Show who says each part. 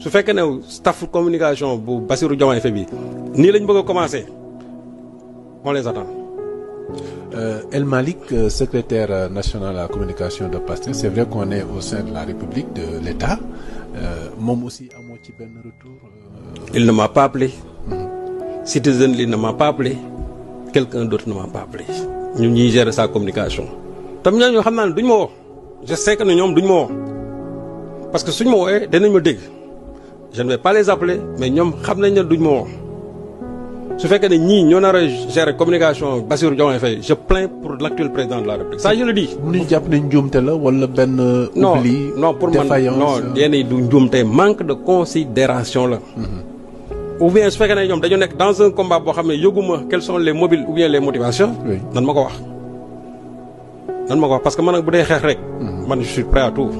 Speaker 1: su fekkee ne staff de communication bu Bassirou Diomaye Faye bi nii lañ bëgg a commencer on les attend.
Speaker 2: Euh, El Malik, euh, secrétaire euh, national de la communication de Pasteur, c'est vrai qu'on est au sein de la République, de l'État.
Speaker 1: Euh, aussi, à
Speaker 3: ben retour.
Speaker 1: Il ne m'a pas appelé. Mhm. Citizen ne m'a pas appelé. Quelqu'un d'autre ne m'a pas appelé. Nous, nous gérons sa communication. Je sais que nous sommes Parce que si nous sommes, nous sommes je ne vais pas les appeler mais ils xam nañ ne duñ ma woo su fekkee ne ñii ñoo n'a gérer communication Bassirou Diomaye Faye je plains pour l'actuel président de la République ça je le
Speaker 3: dis. mu ngi jàpp ne une la wala ben oubli non non pour man non euh,
Speaker 1: yenn yi du njuumte manque de considération là. Mhm. ou bien su fait que ñoom dañoo sont dans un combat boo xam ne quels sont les mobiles ou bien les motivations. nan ma ko wax. nan ma wax parce que man nag bu dee rek. Mhm. je suis prêt à tout.